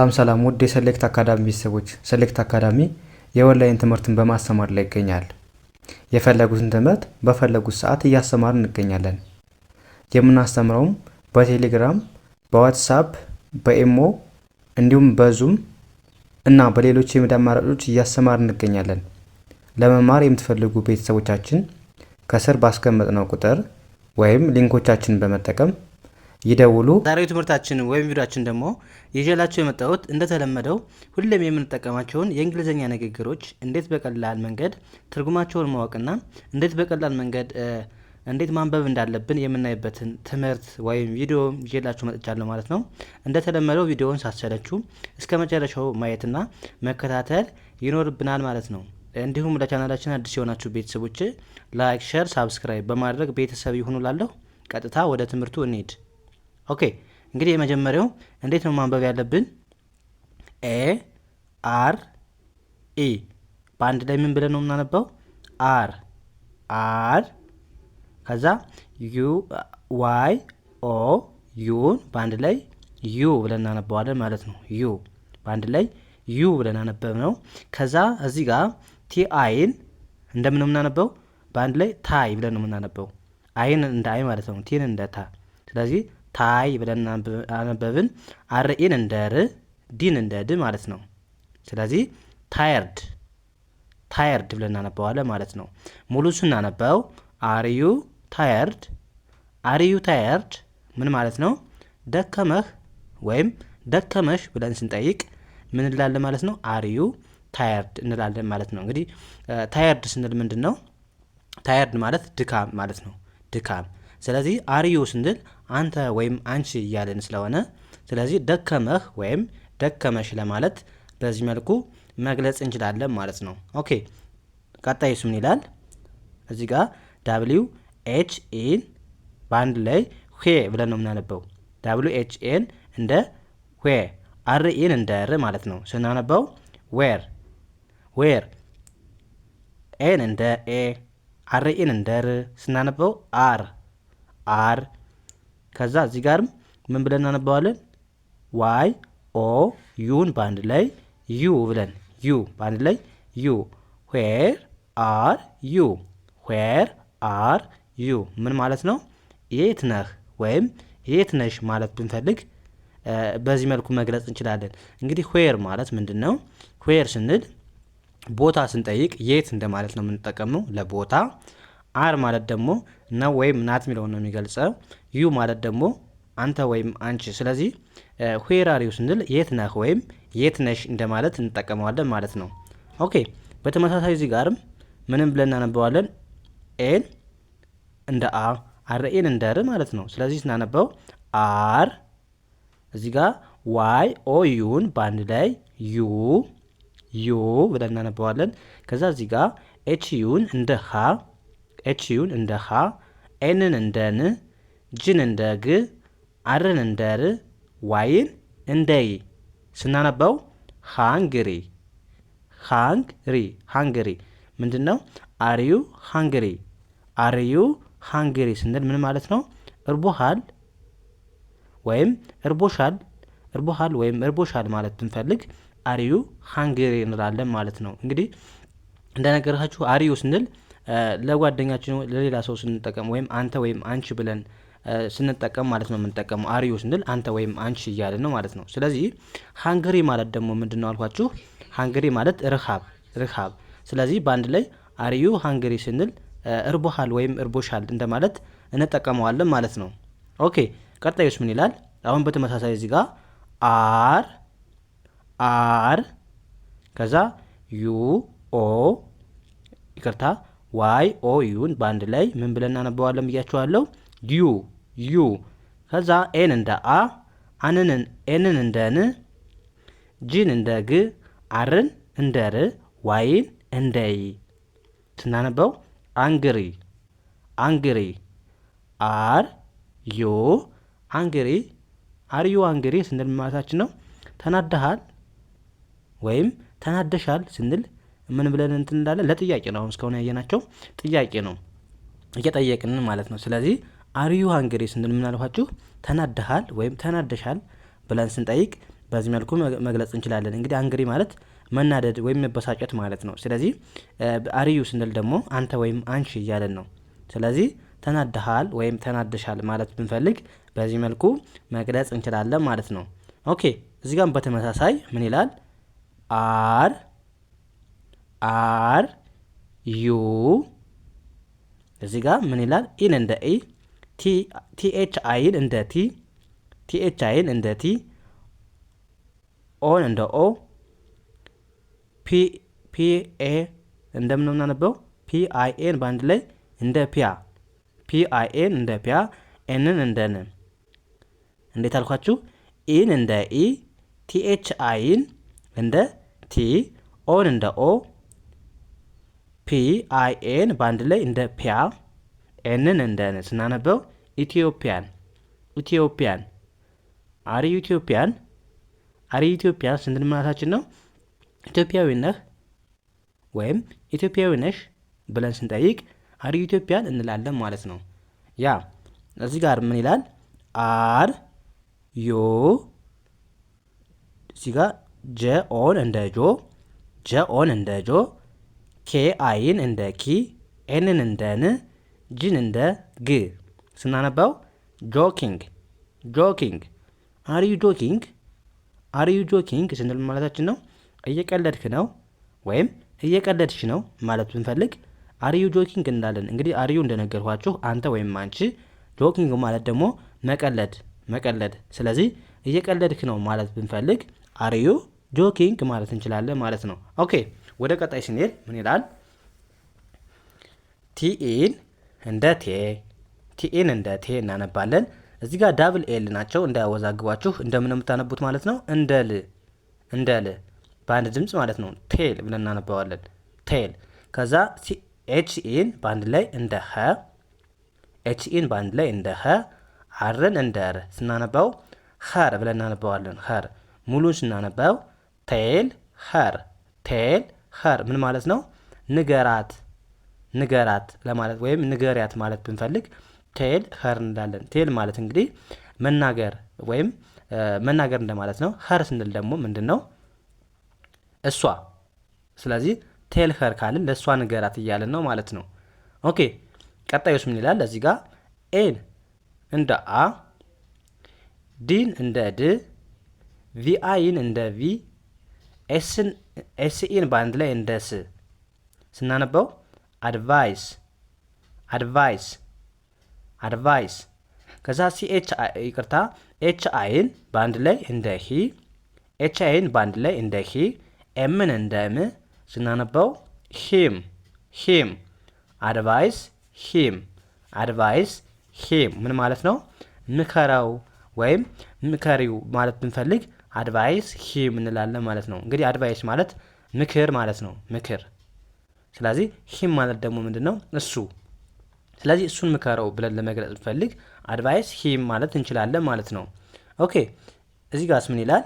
ሰላም ሰላም ውድ የሴሌክት አካዳሚ ቤተሰቦች፣ ሴሌክት አካዳሚ የኦንላይን ትምህርትን በማስተማር ላይ ይገኛል። የፈለጉትን ትምህርት በፈለጉት ሰዓት እያስተማር እንገኛለን። የምናስተምረውም በቴሌግራም፣ በዋትሳፕ፣ በኤሞ እንዲሁም በዙም እና በሌሎች የሚዲያ አማራጮች እያስተማር እንገኛለን። ለመማር የምትፈልጉ ቤተሰቦቻችን ከስር ባስቀመጥነው ቁጥር ወይም ሊንኮቻችንን በመጠቀም ይደውሉ። ዛሬው ትምህርታችን ወይም ቪዲዮችን ደግሞ ይዤላቸው የመጣሁት እንደተለመደው ሁሌም የምንጠቀማቸውን የእንግሊዝኛ ንግግሮች እንዴት በቀላል መንገድ ትርጉማቸውን ማወቅና እንዴት በቀላል መንገድ እንዴት ማንበብ እንዳለብን የምናይበትን ትምህርት ወይም ቪዲዮ ይዤላችሁ መጥቻለሁ ማለት ነው። እንደተለመደው ቪዲዮውን ሳሰለችሁ እስከ መጨረሻው ማየትና መከታተል ይኖርብናል ማለት ነው። እንዲሁም ለቻናላችን አዲስ የሆናችሁ ቤተሰቦች ላይክ፣ ሸር፣ ሳብስክራይብ በማድረግ ቤተሰብ ይሁኑ። ላለሁ ቀጥታ ወደ ትምህርቱ እንሄድ። ኦኬ እንግዲህ የመጀመሪያው እንዴት ነው ማንበብ ያለብን? ኤ አር ኢ በአንድ ላይ ምን ብለን ነው የምናነባው? አር አር ከዛ ዩ ዋይ ኦ ዩን በአንድ ላይ ዩ ብለን እናነባዋለን ማለት ነው። ዩ በአንድ ላይ ዩ ብለን አነበብ ነው። ከዛ እዚህ ጋር ቲ አይን እንደምን ነው የምናነበው? በአንድ ላይ ታይ ብለን ነው የምናነበው። አይን እንደ አይ ማለት ነው። ቲን እንደ ታ ስለዚህ ታይ ብለን አነበብን። አርኢን እንደ ር ዲን እንደ ድ ማለት ነው። ስለዚህ ታየርድ ታየርድ ብለን እናነበዋለን ማለት ነው። ሙሉ እናነበው አርዩ ታየርድ፣ አርዩ ታየርድ ምን ማለት ነው? ደከመህ ወይም ደከመሽ ብለን ስንጠይቅ ምን እንላለን ማለት ነው? አርዩ ታየርድ እንላለን ማለት ነው። እንግዲህ ታየርድ ስንል ምንድን ነው? ታየርድ ማለት ድካም ማለት ነው። ድካም። ስለዚህ አርዩ ስንል አንተ ወይም አንቺ እያልን ስለሆነ ስለዚህ ደከመህ ወይም ደከመሽ ለማለት በዚህ መልኩ መግለጽ እንችላለን ማለት ነው። ኦኬ ቀጣይ ምን ይላል? እዚህ ጋር ዳብሊው ኤች ኤን በአንድ ላይ ሄ ብለን ነው የምናነበው። ዳብሊው ኤች ኤን እንደ ሄ፣ አር ኢን እንደ ር ማለት ነው ስናነበው ዌር ዌር፣ ኤን እንደ ኤ፣ አር ኢን እንደ ር ስናነበው አር አር ከዛ እዚህ ጋርም ምን ብለን እናነባዋለን? ዋይ ኦ ዩን በአንድ ላይ ዩ ብለን ዩ በአንድ ላይ ዩ። ዌር አር ዩ፣ ዌር አር ዩ ምን ማለት ነው? የት ነህ ወይም የት ነሽ ማለት ብንፈልግ በዚህ መልኩ መግለጽ እንችላለን። እንግዲህ ዌር ማለት ምንድን ነው? ዌር ስንል ቦታ ስንጠይቅ የት እንደማለት ነው የምንጠቀመው ለቦታ አር ማለት ደግሞ ነው ወይም ናት የሚለውን ነው የሚገልጸው። ዩ ማለት ደግሞ አንተ ወይም አንቺ። ስለዚህ ዌር አር ዩ ስንል የት ነህ ወይም የት ነሽ እንደማለት እንጠቀመዋለን ማለት ነው። ኦኬ በተመሳሳይ እዚህ ጋርም ምንም ብለን እናነበዋለን። ኤን እንደ አ አር ኤን እንደ ር ማለት ነው። ስለዚህ ስናነበው አር እዚህ ጋር ዋይ ኦ ዩን በአንድ ላይ ዩ ዩ ብለን እናነበዋለን። ከዛ እዚህ ጋር ኤች ዩን እንደ ሃ ኤች ዩን እንደ ሀ፣ ኤንን እንደ ን፣ ጅን እንደ ግ፣ አርን እንደ ር፣ ዋይን እንደ ይ ስናነባው ሃንግሪ ሃንግሪ ሃንግሪ ምንድን ነው? አርዩ ሃንግሪ አርዩ ሃንግሪ ስንል ምን ማለት ነው? እርቦሃል ወይም እርቦሻል እርቦሃል ወይም እርቦሻል ማለት ብንፈልግ አርዩ ሃንግሪ እንላለን ማለት ነው። እንግዲህ እንደነገርካችሁ አርዩ ስንል ለጓደኛችን ለሌላ ሰው ስንጠቀም ወይም አንተ ወይም አንቺ ብለን ስንጠቀም ማለት ነው የምንጠቀመው አሪዩ ስንል አንተ ወይም አንቺ እያለ ነው ማለት ነው። ስለዚህ ሀንግሪ ማለት ደግሞ ምንድን ነው አልኳችሁ? ሀንግሪ ማለት ርሃብ ርሃብ። ስለዚህ በአንድ ላይ አሪዩ ሀንግሪ ስንል እርቦሃል ወይም እርቦሻል እንደማለት እንጠቀመዋለን ማለት ነው። ኦኬ ቀጣዩስ ምን ይላል? አሁን በተመሳሳይ እዚህ ጋር አር አር ከዛ ዩ ኦ ይቅርታ ዋይ ኦ ዩን በአንድ ላይ ምን ብለን እናነበዋለን ብያችኋለሁ። ዩ ዩ። ከዛ ኤን እንደ አ፣ አንን ኤንን እንደ ን፣ ጂን እንደ ግ፣ አርን እንደ ር፣ ዋይን እንደ ይ ስናነበው አንግሪ አንግሪ አር ዩ አንግሪ አር ዩ አንግሪ ስንል ማለታችን ነው ተናደሃል ወይም ተናደሻል ስንል ምን ብለን እንትን እንዳለ ለጥያቄ ነው። አሁን እስካሁን ያየናቸው ጥያቄ ነው እየጠየቅን ማለት ነው። ስለዚህ አሪዩ ሀንግሪ ስንል ምናልኋችሁ ተናደሃል ወይም ተናደሻል ብለን ስንጠይቅ በዚህ መልኩ መግለጽ እንችላለን። እንግዲህ አንግሪ ማለት መናደድ ወይም መበሳጨት ማለት ነው። ስለዚህ አርዩ uh, ስንል ደግሞ አንተ ወይም አንቺ እያለን ነው። ስለዚህ ተናደሃል ወይም ተናደሻል ማለት ብንፈልግ በዚህ መልኩ መግለጽ እንችላለን ማለት ነው። ኦኬ እዚህ ጋም በተመሳሳይ ምን ይላል? አር አር ዩ እዚህ ጋር ምን ይላል? ኢን እንደ ኢ ቲኤች አይን እንደ ቲ ቲኤች አይን እንደ ቲ ኦን እንደ ኦ ፒኤ እንደምን ነው የምናነበው? በአንድ ላይ እንደ ፒያ ፒአይኤን እንደ ፒያ ኤንን እንደ ን እንዴት አልኳችሁ? ኢን እንደ ኢ ቲኤች አይን እንደ ቲ ኦን እንደ ኦ ፒአይኤን በአንድ ላይ እንደ ፒያ ኤንን እንደ ን ስናነበው ኢትዮጵያን ኢትዮጵያን አሪ ኢትዮጵያን አሪ ኢትዮጵያ ስንል ማለታችን ነው። ኢትዮጵያዊ ነህ ወይም ኢትዮጵያዊ ነሽ ብለን ስንጠይቅ አሪ ኢትዮጵያን እንላለን ማለት ነው። ያ እዚህ ጋር ምን ይላል? አር ዮ እዚህ ጋር ጀኦን እንደ ጆ ጀኦን እንደ ጆ ኬ አይን እንደ ኪ ኤንን እንደ ን ጂን እንደ ግ ስናነባው ጆኪንግ ጆኪንግ አርዩ ጆኪንግ አርዩ ጆኪንግ ስንል ማለታችን ነው እየቀለድክ ነው ወይም እየቀለድሽ ነው ማለት ብንፈልግ አርዩ ጆኪንግ እንላለን እንግዲህ አርዩ እንደነገርኳችሁ አንተ ወይም አንቺ፣ ጆኪንግ ማለት ደግሞ መቀለድ መቀለድ። ስለዚህ እየቀለድክ ነው ማለት ብንፈልግ አርዩ ጆኪንግ ማለት እንችላለን ማለት ነው። ኦኬ ወደ ቀጣይ ስንሄድ ምን ይላል? ቲኢን እንደ ቴ ቲኢን እንደ ቴ እናነባለን። እዚህ ጋር ዳብል ኤል ናቸው እንዳያወዛግባችሁ። እንደምን የምታነቡት ማለት ነው። እንደ ል እንደ ል በአንድ ድምፅ ማለት ነው። ቴል ብለን እናነባዋለን። ቴል ከዛ ኤችኢን በአንድ ላይ እንደ ሀ ኤችኢን በአንድ ላይ እንደ ሀ አርን እንደ ር ስናነባው ሀር ብለን እናነባዋለን። ሀር ሙሉን ስናነባው ቴል ሀር ቴል ኸር ምን ማለት ነው? ንገራት ንገራት ለማለት ወይም ንገሪያት ማለት ብንፈልግ ቴል ኸር እንላለን። ቴል ማለት እንግዲህ መናገር ወይም መናገር እንደማለት ነው። ኸር ስንል ደግሞ ምንድን ነው? እሷ። ስለዚህ ቴል ኸር ካልን ለእሷ ንገራት እያለን ነው ማለት ነው። ኦኬ ቀጣዩስ ምን ይላል? እዚህ ጋር ኤን እንደ አ፣ ዲን እንደ ድ፣ ቪአይን እንደ ቪ፣ ኤስን ኤስኢን በአንድ ላይ እንደ ስ ስናነበው አድቫይስ አድቫይስ አድቫይስ። ከዛ ሲኤች ይቅርታ ኤች አይን በአንድ ላይ እንደ ሂ ኤች አይን በአንድ ላይ እንደ ሂ ኤምን እንደ ም ስናነበው ሂም ሂም አድቫይስ ሂም አድቫይስ ሂም ምን ማለት ነው? ምከረው ወይም ምከሪው ማለት ብንፈልግ አድቫይስ ሂም እንላለን ማለት ነው። እንግዲህ አድቫይስ ማለት ምክር ማለት ነው። ምክር ስለዚህ ሂም ማለት ደግሞ ምንድን ነው? እሱ ስለዚህ እሱን ምከረው ብለን ለመግለጽ ብንፈልግ አድቫይስ ሂም ማለት እንችላለን ማለት ነው። ኦኬ እዚህ ጋ ምን ይላል?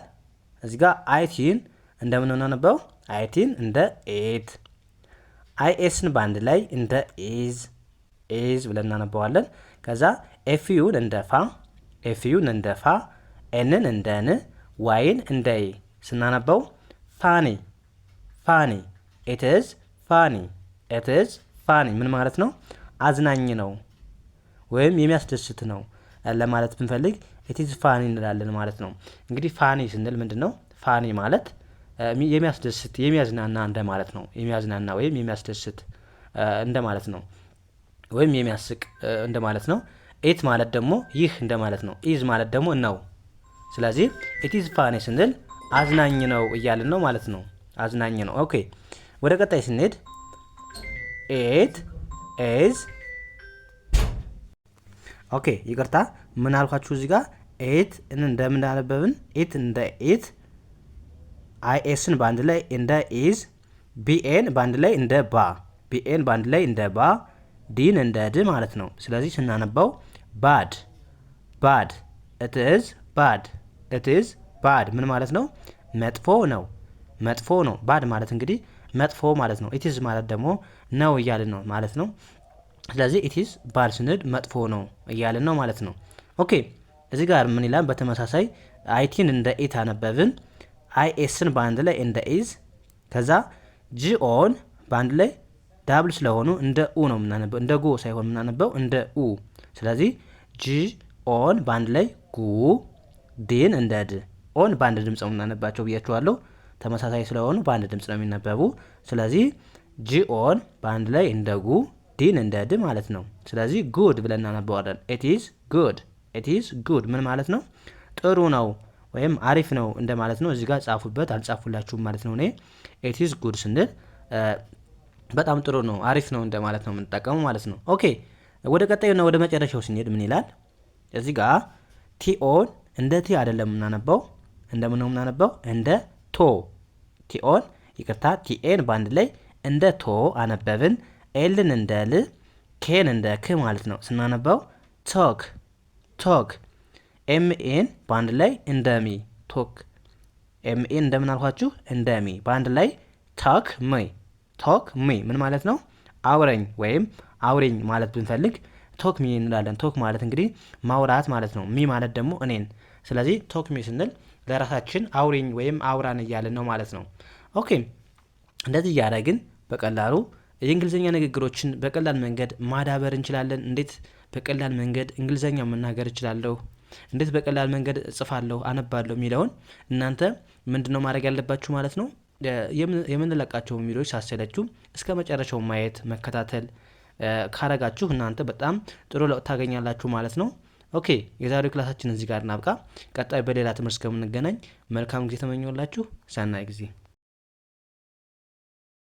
እዚህ ጋ አይቲን እንደምን ነበው? አይቲን እንደ ኤት አይኤስን በአንድ ላይ እንደ ኤዝ ኤዝ ብለን እናነበዋለን። ከዛ ኤፍዩን እንደ ፋ ኤፍዩን እንደ ፋ ኤንን እንደ ን ዋይን እንደ ኤ ስናነበው ፋኒ ፋኒ ኢትዝ ፋኒ ኢትዝ ፋኒ ምን ማለት ነው? አዝናኝ ነው ወይም የሚያስደስት ነው ለማለት ብንፈልግ ኢትዝ ፋኒ እንላለን ማለት ነው። እንግዲህ ፋኒ ስንል ምንድን ነው? ፋኒ ማለት የሚያስደስት የሚያዝናና እንደ ማለት ነው። የሚያዝናና ወይም የሚያስደስት እንደ ማለት ነው። ወይም የሚያስቅ እንደ ማለት ነው። ኢት ማለት ደግሞ ይህ እንደ ማለት ነው። ኢዝ ማለት ደግሞ ነው ስለዚህ ኢቲዝ ኢዝ ፋኒ ስንል አዝናኝ ነው እያልን ነው ማለት ነው። አዝናኝ ነው። ኦኬ ወደ ቀጣይ ስንሄድ ኢት ኢዝ ኦኬ ይቅርታ፣ ምን አልኳችሁ? እዚህ ጋር ኤት እንደምናነበብን ኢት እንደ ኢት አይ ኤስን በአንድ ላይ እንደ ኢዝ፣ ቢኤን በአንድ ላይ እንደ ባ፣ ቢኤን በአንድ ላይ እንደ ባ፣ ዲን እንደ ድ ማለት ነው። ስለዚህ ስናነባው ባድ ባድ፣ ኢትዝ ባድ ኢት ኢዝ ባድ ምን ማለት ነው? መጥፎ ነው። መጥፎ ነው። ባድ ማለት እንግዲህ መጥፎ ማለት ነው። ኢትዝ ማለት ደግሞ ነው እያልን ነው ማለት ነው። ስለዚህ ኢትዝ ባድ ስንል መጥፎ ነው እያልን ነው ማለት ነው። ኦኬ እዚህ ጋር ምን ይላል? በተመሳሳይ አይቲን እንደ ኢት አነበብን። አይኤስን በአንድ ላይ እንደ ኢዝ፣ ከዛ ኦን በአንድ ላይ ዳብል ስለሆኑ እንደ ኡ ነው የምናነበው፣ እንደ ጎ ሳይሆን የምናነበው እንደ ኡ። ስለዚህ ጂኦን በአንድ ላይ ጉ ድን እንደ ድ ኦን በአንድ ድምፅ ነው የምናነባቸው ብያችኋለሁ። ተመሳሳይ ስለሆኑ በአንድ ድምፅ ነው የሚነበቡ። ስለዚህ ኦን በአንድ ላይ እንደ ጉ፣ ዲን እንደ ድ ማለት ነው። ስለዚህ ጉድ ብለን እናነበዋለን። ኢት ጉድ፣ ኢት ጉድ ምን ማለት ነው? ጥሩ ነው ወይም አሪፍ ነው እንደማለት ነው። እዚህ ጋር ጻፉበት፣ አልጻፉላችሁም ማለት ነው። እኔ ኢት ጉድ ስንል በጣም ጥሩ ነው፣ አሪፍ ነው እንደማለት ነው የምንጠቀሙ ማለት ነው። ኦኬ ወደ ቀጣዩና ወደ መጨረሻው ስንሄድ ምን ይላል? እዚህ ጋር ቲኦን እንደ ቲ አይደለም የምናነባው። ምን ነው የምናነባው? እንደ ቶ ቲኦን ይቅርታ ቲኤን በአንድ ላይ እንደ ቶ አነበብን። ኤልን እንደ ል ኬን እንደ ክ ማለት ነው ስናነባው ቶክ ቶክ። ኤምኤን በአንድ ላይ እንደ ሚ ቶክ። ኤምኤን እንደምን አልኳችሁ? እንደ ሚ በአንድ ላይ ታክ ሚ ቶክ ሚ ምን ማለት ነው? አውረኝ ወይም አውሬኝ ማለት ብንፈልግ ቶክ ሚ እንላለን። ቶክ ማለት እንግዲህ ማውራት ማለት ነው። ሚ ማለት ደግሞ እኔን። ስለዚህ ቶክ ሚ ስንል ለራሳችን አውሪኝ ወይም አውራን እያለን ነው ማለት ነው። ኦኬ እንደዚህ እያደረግን በቀላሉ የእንግሊዝኛ ንግግሮችን በቀላል መንገድ ማዳበር እንችላለን። እንዴት በቀላል መንገድ እንግሊዝኛ መናገር እችላለሁ፣ እንዴት በቀላል መንገድ እጽፋለሁ፣ አነባለሁ የሚለውን እናንተ ምንድነው ማድረግ ያለባችሁ ማለት ነው የምንለቃቸው ሚዲያዎች ሳሰለችሁ እስከ መጨረሻው ማየት መከታተል ካረጋችሁ እናንተ በጣም ጥሩ ለውጥ ታገኛላችሁ ማለት ነው። ኦኬ የዛሬው ክላሳችን እዚህ ጋር እናብቃ። ቀጣይ በሌላ ትምህርት እስከምንገናኝ መልካም ጊዜ ተመኘላችሁ። ሰናይ ጊዜ